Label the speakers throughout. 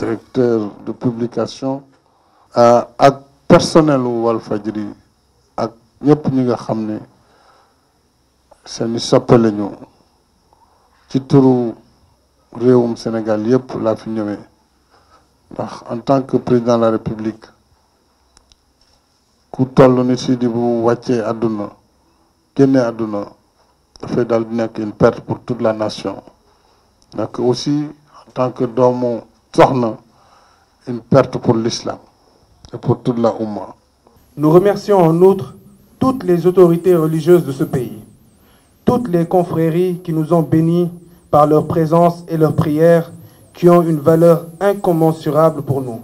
Speaker 1: directeur de publication à euh, personnel Wal Walfadjri ak ñëpp ñi nga xam ne seeni soppe nous, ci turu réewum Sénégal yépp la fi ñëwee ndax en tant que président de la République ku toll ni si di bu wàccee àdduna fait àdduna di nekk une perte pour toute la nation donc aussi en tant que doomu une perte pour l'islam et pour
Speaker 2: Nous remercions en outre toutes les autorités religieuses de ce pays, toutes les confréries qui nous ont bénis par leur présence et leurs prières qui ont une valeur incommensurable pour nous.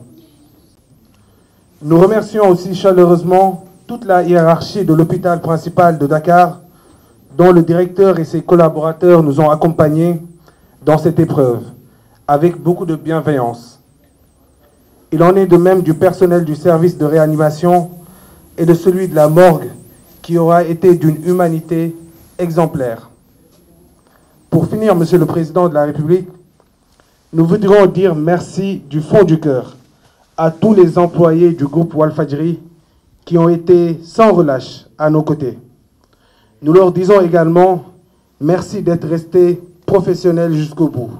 Speaker 2: Nous remercions aussi chaleureusement toute la hiérarchie de l'hôpital principal de Dakar, dont le directeur et ses collaborateurs nous ont accompagnés dans cette épreuve avec beaucoup de bienveillance. Il en est de même du personnel du service de réanimation et de celui de la morgue qui aura été d'une humanité exemplaire. Pour finir, Monsieur le Président de la République, nous voudrions dire merci du fond du cœur à tous les employés du groupe Walfadjri qui ont été sans relâche à nos côtés. Nous leur disons également merci d'être restés professionnels jusqu'au bout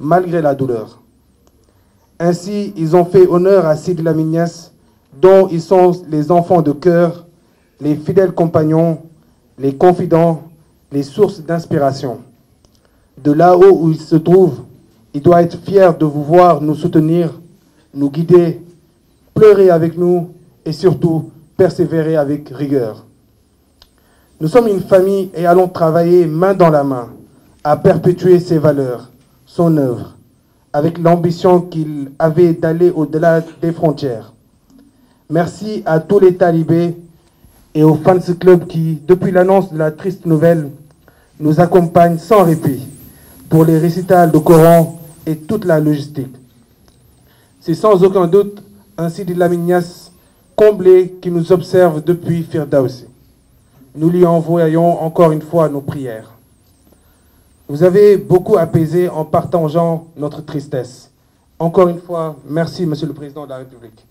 Speaker 2: malgré la douleur. Ainsi, ils ont fait honneur à Sid Lamignas, dont ils sont les enfants de cœur, les fidèles compagnons, les confidents, les sources d'inspiration. De là-haut où il se trouve, il doit être fier de vous voir nous soutenir, nous guider, pleurer avec nous et surtout persévérer avec rigueur. Nous sommes une famille et allons travailler main dans la main à perpétuer ces valeurs, son œuvre avec l'ambition qu'il avait d'aller au-delà des frontières. Merci à tous les talibés et aux fans club qui, depuis l'annonce de la triste nouvelle, nous accompagnent sans répit pour les récitals de Coran et toute la logistique. C'est sans aucun doute ainsi de laminias comblé qui nous observe depuis Firdausi. Nous lui envoyons encore une fois nos prières. Vous avez beaucoup apaisé en partageant notre tristesse. Encore une fois, merci, Monsieur le Président de la République.